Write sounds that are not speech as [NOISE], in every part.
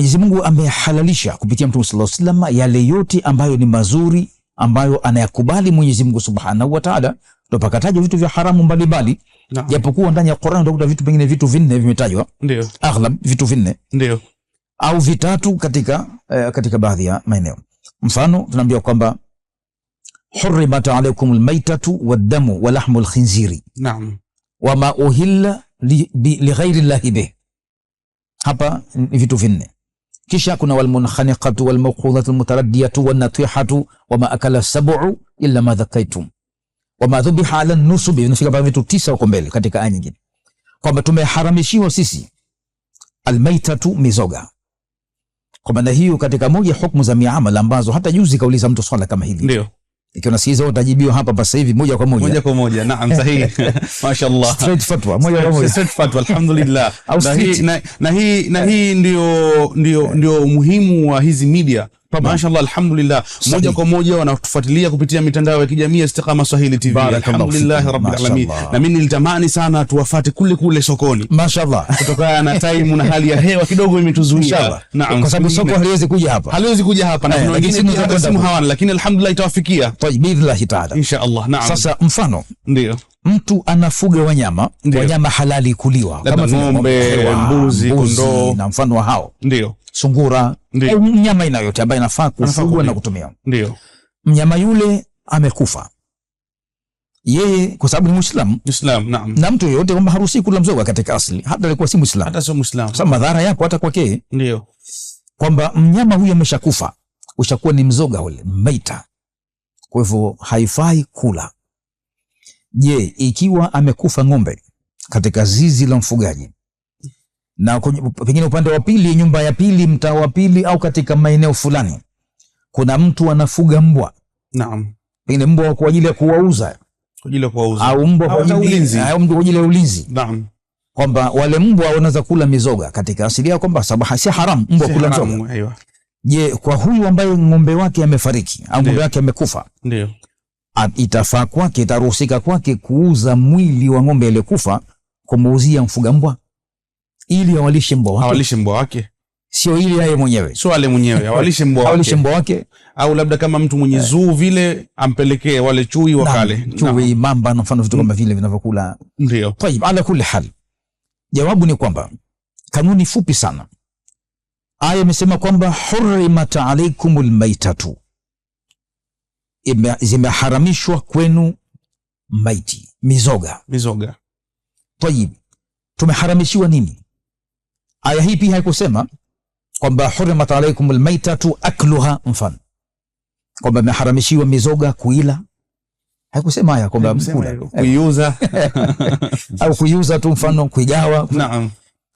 Mwenyezi Mungu ameyahalalisha kupitia Mtume sallallahu alaihi wasallam yale yote ambayo ni mazuri ambayo anayakubali Mwenyezi Mungu Subhanahu wa Ta'ala. pakataja vitu vya haramu mbalimbali, japokuwa ndani ya Qurani utakuta vitu pengine vitu vinne vimetajwa, ndio aghlab vitu vinne ndio au vitatu katika eh, katika baadhi ya maeneo. Mfano tunaambia kwamba hurrimat alaikum almaytatu waddamu walahmu lahmu alkhinziri, naam, wama uhilla lighairi llahi bih. Hapa ni vitu vinne kisha kuna walmunkhaniqatu walmawqudhatu almutaraddiyatu wannatihatu wama akala sab'u illa ma dhakaitum wama dhubiha ala nusubi, inafika pale vitu tisa huko mbele katika aya nyingine, kwamba tumeharamishiwa sisi almaitatu mizoga. Kwa maana hiyo katika moja hukumu za miamala ambazo hata juzi kauliza mtu swala kama hili ndio ikiwa nasikiliza utajibiwa hapa basi hivi moja kwa moja moja kwa moja. Naam, [LAUGHS] sahihi, [LAUGHS] mashaallah, straight fatwa, moja kwa moja, straight fatwa. Alhamdulillah. Na hii na hii ndio ndio ndio umuhimu wa hizi media Mashallah, alhamdulillah, moja kwa moja wanatufuatilia kupitia mitandao ya kijamii Istiqama Swahili TV. Alhamdulillah rabbil alamin, na mimi nilitamani sana tuwafate kule kule sokoni, mashallah, kutokana na time na hali ya [LAUGHS] hewa kidogo imetuzuia, kwa sababu soko haliwezi kuja hapa, haliwezi kuja hapa, na eh, kuna wengine hawana, lakini alhamdulillah itawafikia, taala insha Naam, sasa mfano ndio mtu anafuga wanyama Ndiyo. wanyama halali kuliwa kama vile ng'ombe, mbuzi, kondoo na mfano wa hao ndio sungura au eh, mnyama aina yote ambayo inafaa kufugwa na kutumia. Ndio mnyama yule amekufa yeye kwa sababu ni Muislamu Muislamu, naam. na mtu yoyote kwamba haruhusi kula mzoga katika asili, hata alikuwa si Muislamu, hata sio Muislamu. Sasa madhara yako hata kwake, ndio kwamba mnyama huyo ameshakufa, ushakuwa ni mzoga ule maita, kwa hivyo haifai kula Je, ikiwa amekufa ng'ombe katika zizi la mfugaji na pengine upande wa pili, nyumba ya pili, mtaa wa pili, au katika maeneo fulani kuna mtu anafuga mbwa. Naam, pengine mbwa kwa ajili ya kuwauza, kwa ajili ya kuwauza, au mbwa kwa ajili ya ulinzi. Naam, kwamba wale mbwa wanaweza kula mizoga katika asilia, kwamba sabaha si haramu mbwa kula mizoga. Je, kwa huyu ambaye ng'ombe wake amefariki au ng'ombe wake amekufa, ndio itafaa kwake, itaruhusika kwake kuuza mwili wa ng'ombe aliyekufa kumuuzia mfuga mbwa ili awalishe mbwa wake, awalishe mbwa wake, sio ili yeye mwenyewe, sio ale mwenyewe, [LAUGHS] awalishe mbwa wake, awalishe mbwa wake, au labda kama mtu mwenye yeah, zoo vile ampelekee wale chui wakale, chui na, mamba na mfano vitu kama mm. vile vinavyokula. Ndio tayib. Ala kulli hal, jawabu ni kwamba kanuni fupi sana, aya imesema kwamba hurrimat alaikumul maitatu zimeharamishwa kwenu maiti mizoga mizoga. Tayib, tumeharamishiwa nini? Aya hii pia haikusema kwamba hurimat alaikum almaitatu akluha, mfano kwamba imeharamishiwa mizoga kuila haikusema aya kwamba mkula kuiuza [LAUGHS] au kuiuza tu, mfano kuigawa. Naam,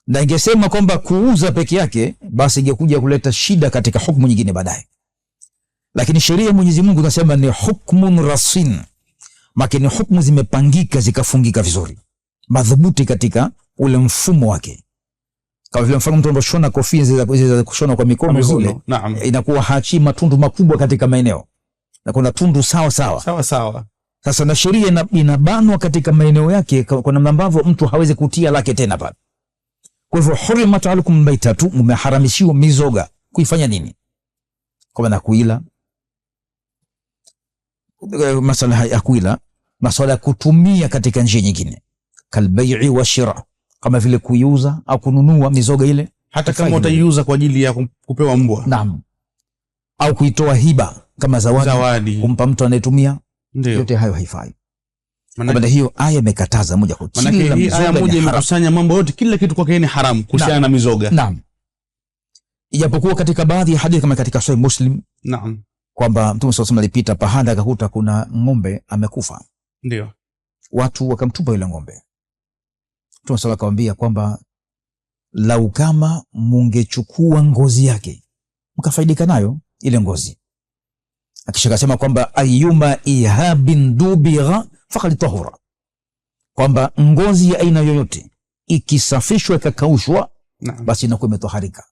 na ingesema kwamba kuuza peke yake, basi ingekuja kuleta shida katika hukumu nyingine baadaye. Lakini sheria ya Mwenyezi Mungu nasema ni hukmun rasin, ni hukmu zimepangika zikafungika vizuri madhubuti katika ule mfumo wake kama vile mfano mtu kofia za kushona kwa mikono zile, inakuwa haachi matundu makubwa katika maeneo na kuna tundu sawa sawa sawa sawa. Sasa na sheria inabanwa katika maeneo yake kwa namna ambavyo mtu hawezi kutia lake tena pale. Kwa hivyo hurimat alaikum mmeharamishiwa mizoga. Kuifanya nini? Kwa maana kuila, Eh, masala ya kuila, masala ya kutumia katika njia nyingine, kalbai'i wa shira, kama vile kuiuza au kununua mizoga ile, hata kama utaiuza kwa ajili ya kupewa mbwa. Naam, au kuitoa hiba kama zawadi, zawadi kumpa mtu anayetumia, yote hayo haifai. Maana hiyo aya imekataza moja kwa moja. Maana hii aya moja imekusanya mambo yote, kila kitu kwake ni haramu kuhusiana na mizoga. Naam, ijapokuwa katika baadhi ya hadithi kama katika Sahih Muslim, naam kwamba Mtume SAW alipita pahala akakuta kuna ng'ombe amekufa, ndio watu wakamtupa yule ng'ombe. Mtume sala akamwambia kwamba lau kama mungechukua ngozi yake mkafaidika nayo ile ngozi, akisha kasema kwamba ayuma ihabin dubira fakad tahura, kwamba ngozi ya aina yoyote ikisafishwa ikakaushwa, basi inakuwa imetoharika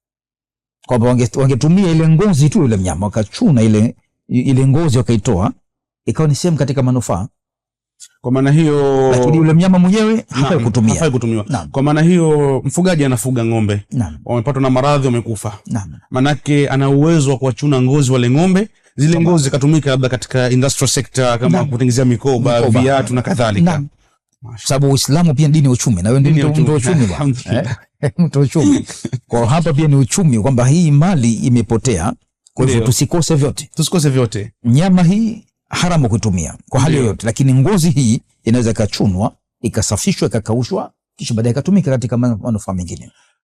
kwamba wangetumia ile ngozi tu ile mnyama wakachuna ile, ile ngozi wakaitoa ikawa ni sehemu katika manufaa. Kwa maana hiyo, lakini yule mnyama mwenyewe hafai kutumia, hafai kutumiwa. Kwa maana hiyo, mfugaji anafuga ng'ombe wamepatwa na maradhi, wamekufa, manake ana uwezo wa kuwachuna ngozi wale ng'ombe zile ngozi zikatumika labda katika industrial sector kama kutengenezea mikoba, viatu na kadhalika, sababu Uislamu pia dini ya uchumi na wewe ndio uchumi, uchumi. [LAUGHS] mto uchumi [LAUGHS] kwa hapa pia ni uchumi kwamba hii mali imepotea kwa hivyo tusikose vyote tusikose vyote nyama hii haramu kuitumia kwa hali yoyote lakini ngozi hii inaweza ikachunwa ikasafishwa ikakaushwa kisha baadaye ikatumika katika manufaa mengine